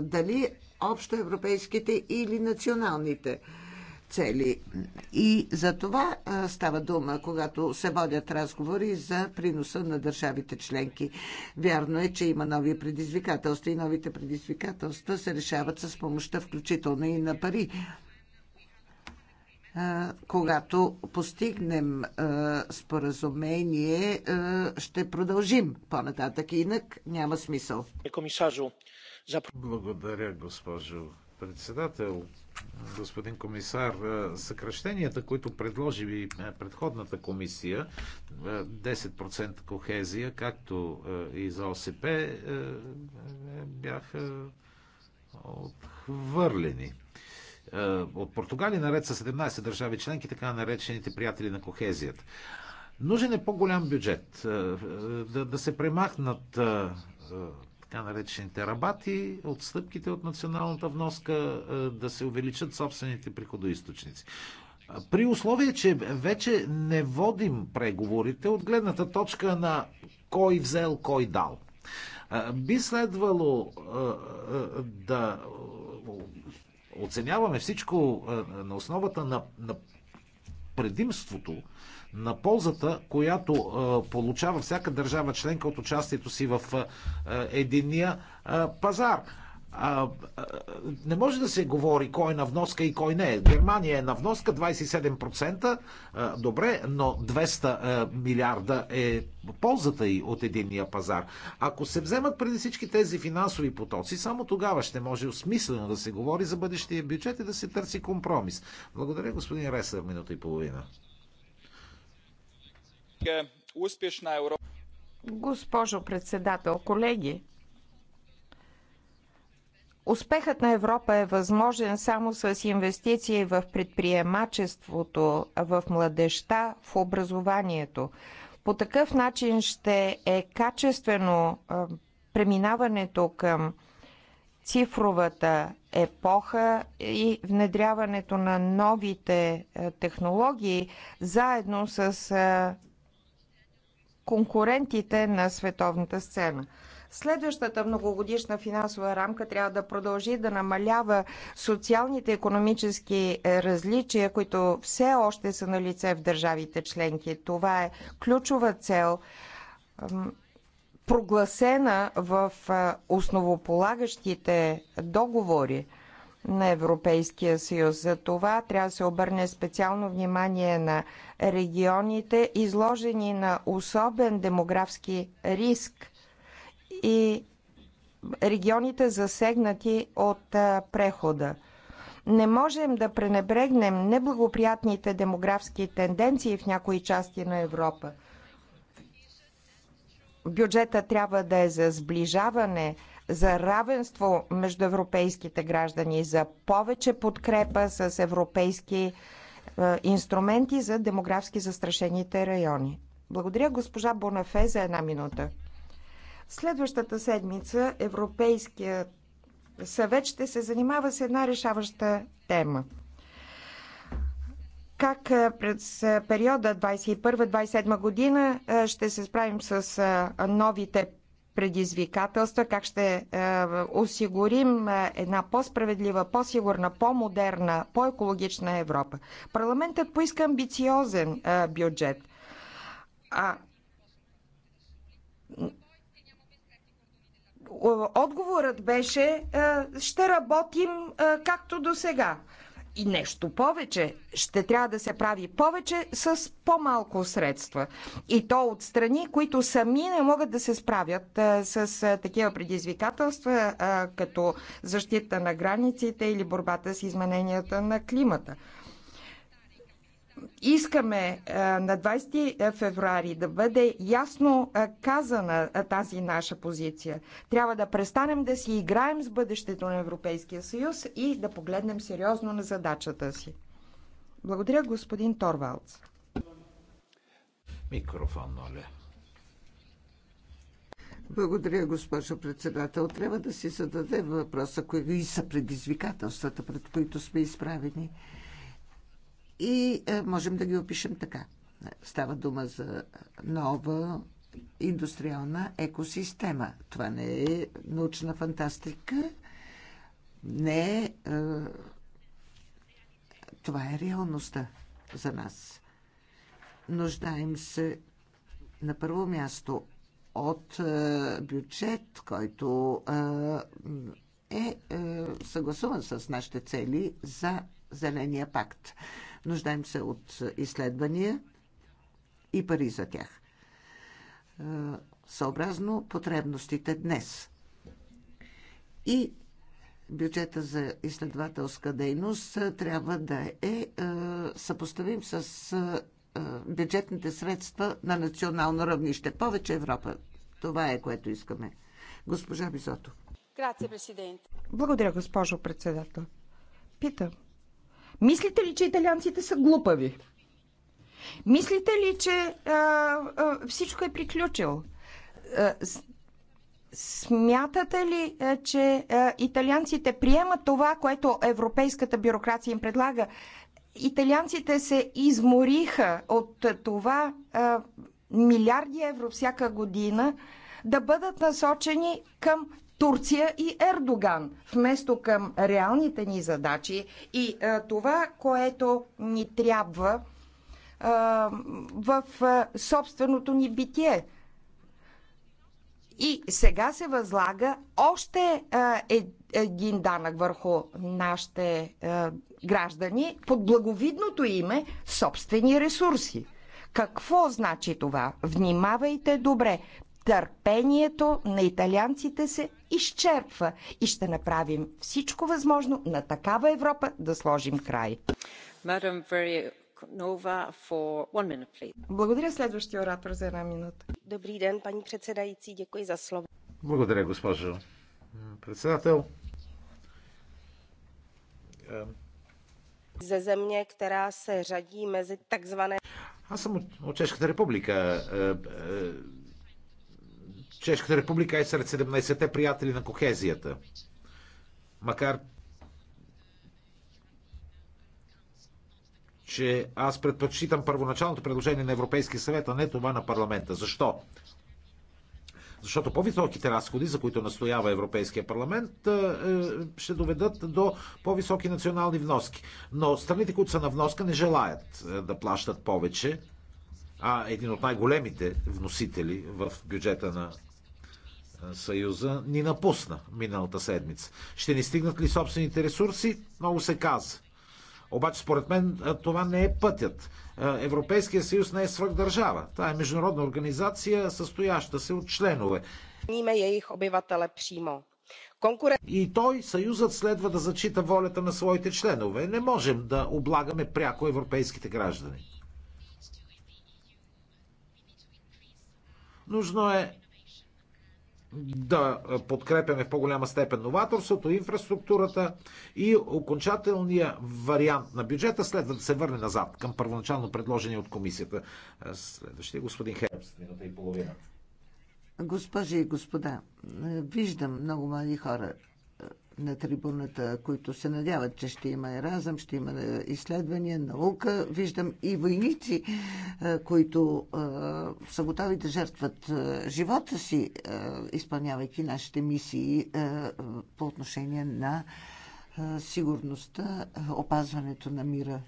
Дали общоевропейските или националните? цели. И за това става дума, когато се водят разговори за приноса на държавите членки. Вярно е, че има нови предизвикателства и новите предизвикателства се решават с помощта включително и на пари когато постигнем споразумение, ще продължим по-нататък. Инак няма смисъл. Е, Благодаря, госпожо председател господин комисар, съкръщенията, които предложи ви е, предходната комисия, 10% е, кохезия, както е, и за ОСП, бяха отхвърлени. От Португалия наред с 17 държави членки, така наречените приятели на кохезията. Нужен е по-голям бюджет. Да, да се премахнат така наречените рабати, отстъпките от националната вноска, е, да се увеличат собствените приходоисточници. При условие, че вече не водим преговорите от гледната точка на кой взел, кой дал. Би следвало е, е, да оценяваме всичко на основата на, на предимството, на ползата, която е, получава всяка държава членка от участието си в е, е, единия пазар. Не може да се говори кой е на вноска и кой не е. Германия е на вноска 27%, добре, но 200 милиарда е ползата и от единния пазар. Ако се вземат преди всички тези финансови потоци, само тогава ще може осмислено да се говори за бъдещия бюджет и да се търси компромис. Благодаря, господин Ресър, минута и половина. Госпожо председател, колеги, успехът на Европа е възможен само с инвестиции в предприемачеството, в младеща, в образованието. По такъв начин ще е качествено преминаването към цифровата епоха и внедряването на новите технологии заедно с конкурентите на световната сцена. Следващата многогодишна финансова рамка трябва да продължи да намалява социалните и економически различия, които все още са на лице в държавите членки. Това е ключова цел, прогласена в основополагащите договори на Европейския съюз. За това трябва да се обърне специално внимание на регионите, изложени на особен демографски риск и регионите засегнати от прехода. Не можем да пренебрегнем неблагоприятните демографски тенденции в някои части на Европа. Бюджета трябва да е за сближаване, за равенство между европейските граждани, за повече подкрепа с европейски е, инструменти за демографски застрашените райони. Благодаря госпожа Бонафе за една минута. Следващата седмица Европейският съвет ще се занимава с една решаваща тема. Как е, през е, периода 2021-2027 година ще се справим с новите предизвикателства, как ще е, осигурим е, една по-справедлива, по-сигурна, по-модерна, по-екологична Европа. Парламентът поиска амбициозен е, бюджет. А отговорът беше ще работим както до сега. И нещо повече, ще трябва да се прави повече с по-малко средства. И то от страни, които сами не могат да се справят а, с а, такива предизвикателства, а, като защита на границите или борбата с измененията на климата искаме на 20 февруари да бъде ясно казана тази наша позиция. Трябва да престанем да си играем с бъдещето на Европейския съюз и да погледнем сериозно на задачата си. Благодаря, господин Торвалц. Микрофон, моля. Благодаря, госпожо председател. Трябва да си зададем въпроса, кои са предизвикателствата, пред които сме изправени и е, можем да ги опишем така. Става дума за нова индустриална екосистема. Това не е научна фантастика, не е. е това е реалността за нас. Нуждаем се на първо място от е, бюджет, който е съгласуван с нашите цели за Зеления пакт. Нуждаем се от изследвания и пари за тях. Е, съобразно потребностите днес. И бюджета за изследователска дейност е, трябва да е, е съпоставим с бюджетните средства на национално равнище. Повече Европа. Това е което искаме. Госпожа Бизото. Благодаря, госпожо председател. Питам, Мислите ли, че италианците са глупави? Мислите ли, че а, а, всичко е приключил? А, смятате ли, а, че а, италианците приемат това, което европейската бюрокрация им предлага? Италианците се измориха от това а, милиарди евро всяка година да бъдат насочени към Турция и Ердоган, вместо към реалните ни задачи и а, това, което ни трябва а, в а, собственото ни битие. И сега се възлага още а, е, един данък върху нашите а, граждани под благовидното име собствени ресурси. Какво значи това? Внимавайте добре търпението на италианците се изчерпва и ще направим всичко възможно на такава Европа да сложим край. Благодаря следващия оратор за една минута. Добри ден, пани председайци, дякую за слово. Благодаря, госпожо председател. Ze е, země, která se řadí mezi takzvané... Аз съм от Чешката република е, е, Чешката република е сред 17-те приятели на кохезията. Макар че аз предпочитам първоначалното предложение на Европейския съвет, а не това на парламента. Защо? Защото по-високите разходи, за които настоява Европейския парламент, е, е, ще доведат до по-високи национални вноски. Но страните, които са на вноска, не желаят е, да плащат повече, а един от най-големите вносители в бюджета на Съюза ни напусна миналата седмица. Ще ни стигнат ли собствените ресурси? Много се каза. Обаче, според мен, това не е пътят. Европейския съюз не е свръхдържава. Това е международна организация, състояща се от членове. Ниме их обивателе прямо. Конкурен... И той, съюзът, следва да зачита волята на своите членове. Не можем да облагаме пряко европейските граждани. Нужно е да подкрепяме в по-голяма степен новаторството, инфраструктурата и окончателния вариант на бюджета следва да се върне назад към първоначално предложение от комисията. Следващия господин Хербс, минута и половина. Госпожи и господа, виждам много млади хора на трибуната, които се надяват, че ще има еразъм, ще има изследвания, наука. Виждам и войници, които са готови да жертват живота си, изпълнявайки нашите мисии по отношение на сигурността, опазването на мира.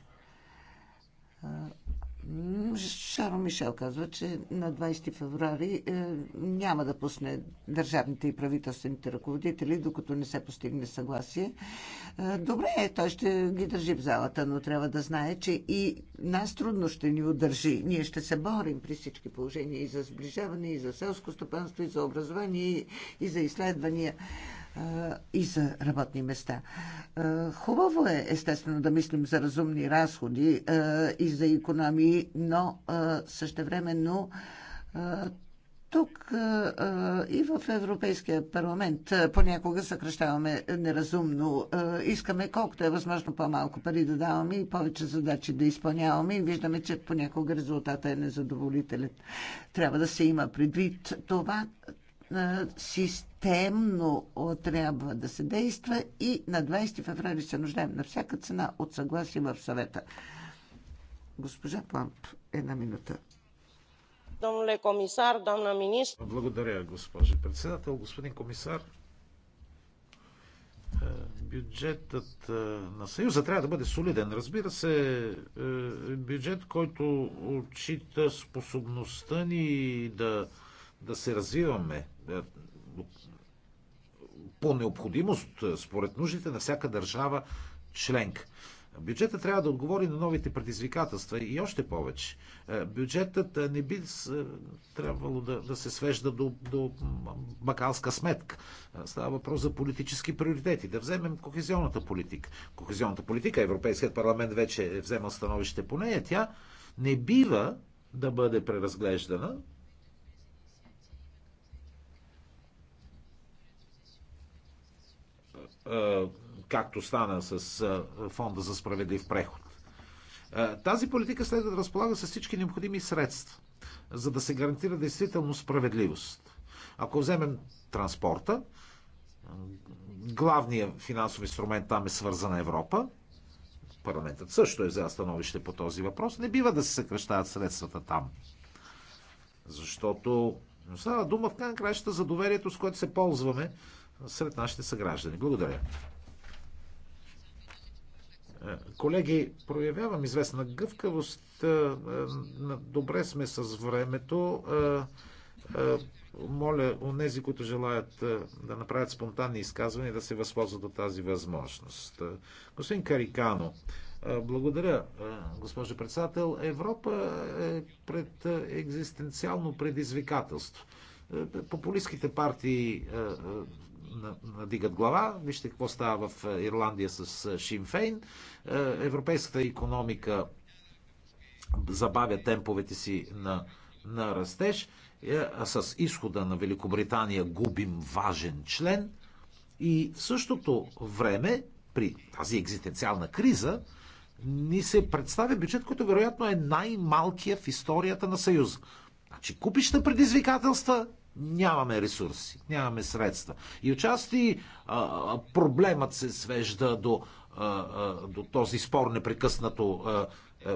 Шаро Мишел казва, че на 20 феврари е, няма да пусне държавните и правителствените ръководители, докато не се постигне съгласие. Е, добре, той ще ги държи в залата, но трябва да знае, че и нас трудно ще ни удържи. Ние ще се борим при всички положения и за сближаване, и за селско стопанство, и за образование, и за изследвания и за работни места. Хубаво е, естествено, да мислим за разумни разходи и за економии, но същевременно тук и в Европейския парламент понякога съкръщаваме неразумно. Искаме колкото е възможно по-малко пари да даваме и повече задачи да изпълняваме и виждаме, че понякога резултата е незадоволителен. Трябва да се има предвид това, системно трябва да се действа и на 20 феврали се нуждаем на всяка цена от съгласие в съвета. Госпожа Пламп, една минута. Домнule комисар, домна министр. Благодаря, госпожо председател. Господин комисар, е, бюджетът е, на Съюза трябва да бъде солиден. Разбира се, е, бюджет, който отчита способността ни да да се развиваме е, по необходимост, е, според нуждите на всяка държава членка. Бюджетът трябва да отговори на новите предизвикателства и още повече. Е, бюджетът не би трябвало да, да се свежда до, до макалска сметка. Става въпрос за политически приоритети. Да вземем кохезионната политика. Кохезионната политика, Европейският парламент вече е вземал становище по нея, тя не бива да бъде преразглеждана както стана с Фонда за справедлив преход. Тази политика следва да разполага с всички необходими средства, за да се гарантира действително справедливост. Ако вземем транспорта, главният финансов инструмент там е свързана Европа, парламентът също е взел становище по този въпрос, не бива да се съкръщават средствата там. Защото става дума в крайна краща за доверието, с което се ползваме сред нашите съграждани. Благодаря. Е, колеги, проявявам известна гъвкавост. Е, е, добре сме с времето. Моля, онези, които желаят да направят спонтанни изказвания, да се възползват от тази възможност. Господин Карикано, благодаря, госпожо председател. Европа е пред екзистенциално предизвикателство. Популистските партии надигат глава. Вижте какво става в е, Ирландия с Шимфейн. Е, европейската економика забавя темповете си на, на растеж. Е, а с изхода на Великобритания губим важен член. И в същото време, при тази екзистенциална криза, ни се представя бюджет, който вероятно е най-малкия в историята на Съюза. Значи купища предизвикателства Нямаме ресурси, нямаме средства. И отчасти проблемът се свежда до, до този спор непрекъснато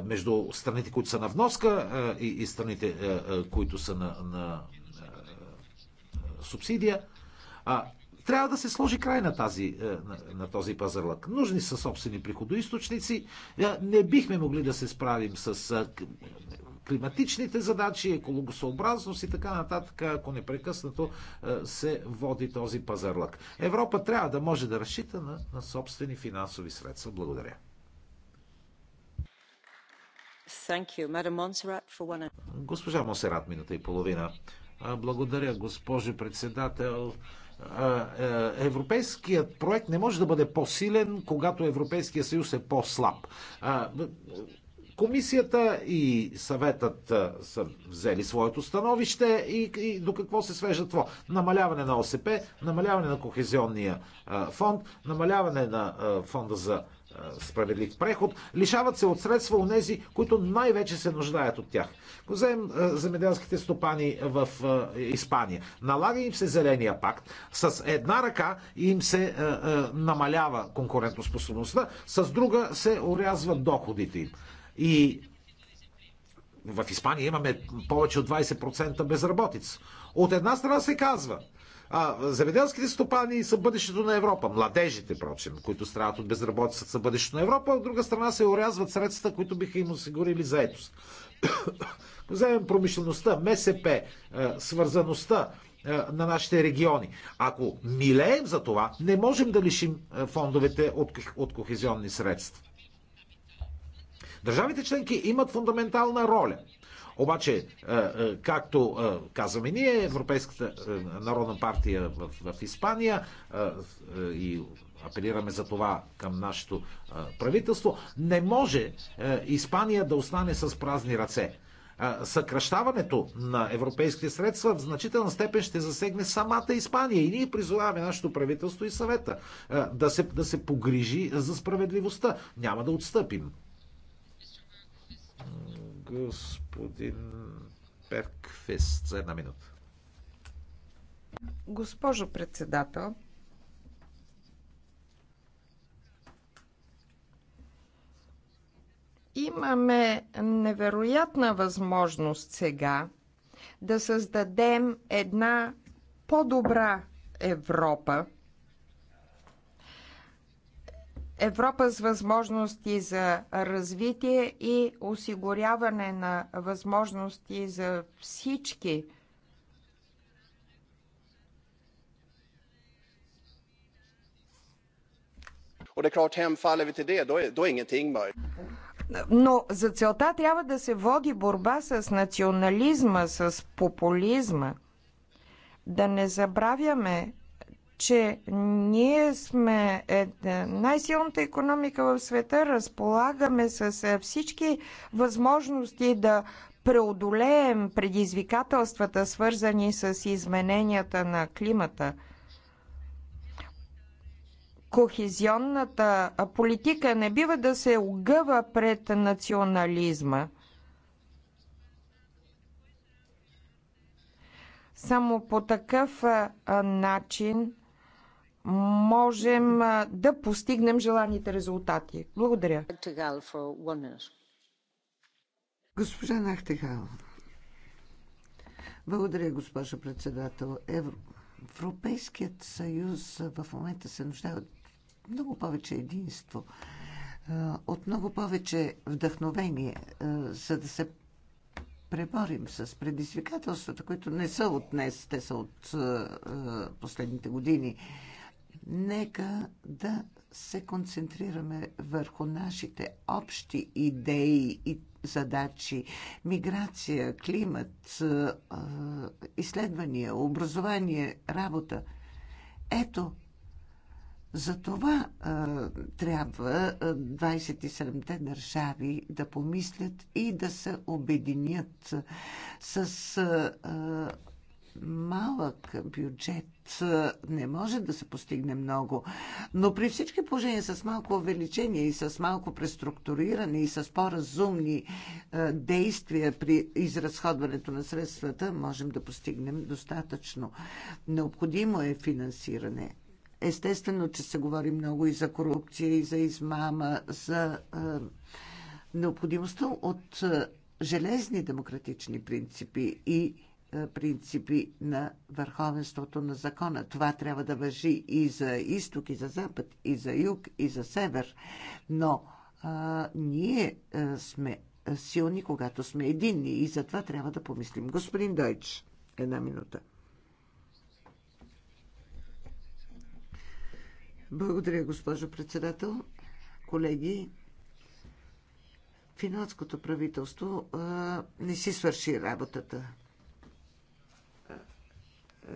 между страните, които са на вноска и, и страните, които са на, на субсидия. А, трябва да се сложи край на, тази, на, на този пазарлък. Нужни са собствени приходоисточници. Не бихме могли да се справим с климатичните задачи, екологосъобразност и така нататък, ако непрекъснато е, се води този пазарлък. Европа трябва да може да разчита на, на собствени финансови средства. Благодаря. Госпожа Монсерат, минута и половина. Благодаря, госпожо председател. Е, европейският проект не може да бъде по-силен, когато Европейския съюз е по-слаб. Комисията и съветът са взели своето становище и, и до какво се свежда това? Намаляване на ОСП, намаляване на кохезионния фонд, намаляване на фонда за справедлив преход, лишават се от средства у нези, които най-вече се нуждаят от тях. Ако вземем земеделските стопани в Испания, налага им се зеления пакт, с една ръка им се намалява конкурентоспособността, с друга се урязват доходите им. И в Испания имаме повече от 20% безработица. От една страна се казва, а, земеделските стопани са бъдещето на Европа. Младежите, прочим, които страдат от безработица, са бъдещето на Европа. От друга страна се урязват средствата, които биха им осигурили заетост. <coughs> Вземем промишлеността, МСП, е, свързаността е, на нашите региони. Ако милеем за това, не можем да лишим е, фондовете от, от кохезионни средства. Държавите членки имат фундаментална роля. Обаче, е, е, както е, казваме ние, Европейската народна партия в, Испания и апелираме за това към нашето правителство, не може Испания да остане с празни ръце. Съкръщаването на европейските средства в значителна степен ще засегне самата Испания. И ние призоваваме нашето правителство и съвета да се, да се погрижи за справедливостта. Няма да отстъпим. Господин Перквист за една минута. Госпожо председател, имаме невероятна възможност сега да създадем една по-добра Европа, Европа с възможности за развитие и осигуряване на възможности за всички. Но за целта трябва да се води борба с национализма, с популизма. Да не забравяме, че ние сме е, е, най-силната економика в света, разполагаме с е, всички възможности да преодолеем предизвикателствата, свързани с измененията на климата. Кохезионната политика не бива да се огъва пред национализма. Само по такъв начин можем да постигнем желаните резултати. Благодаря. Госпожа Нахтегал. Благодаря, госпожа председател. Европейският съюз в момента се нуждае от много повече единство, от много повече вдъхновение, за да се преборим с предизвикателствата, които не са от днес, те са от последните години Нека да се концентрираме върху нашите общи идеи и задачи. Миграция, климат, е, изследвания, образование, работа. Ето, за това е, трябва 27-те е, държави да помислят и да се обединят с малък бюджет не може да се постигне много, но при всички положения с малко увеличение и с малко преструктуриране и с по-разумни е, действия при изразходването на средствата можем да постигнем достатъчно. Необходимо е финансиране. Естествено, че се говори много и за корупция, и за измама, за е, необходимостта от е, железни демократични принципи и е, принципи на върховенството на закона. Това трябва да въжи и за изток, и за запад, и за юг, и за север. Но а, ние а, сме силни, когато сме единни и за това трябва да помислим. Господин Дойч, една минута. Благодаря, госпожо председател. Колеги, финландското правителство а, не си свърши работата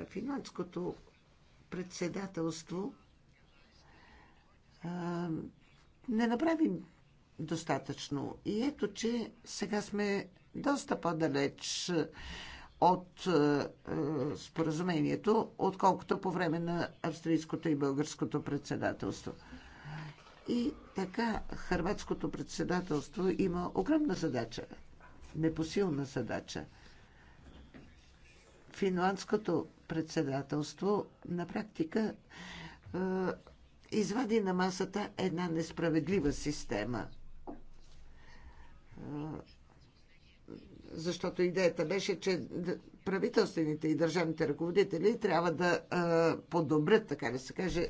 финландското председателство не направим достатъчно. И ето, че сега сме доста по-далеч от е, споразумението, отколкото по време на австрийското и българското председателство. И така, хрватското председателство има огромна задача, непосилна задача – финландското председателство на практика е, извади на масата една несправедлива система. Е, защото идеята беше, че правителствените и държавните ръководители трябва да е, подобрят, така да се каже,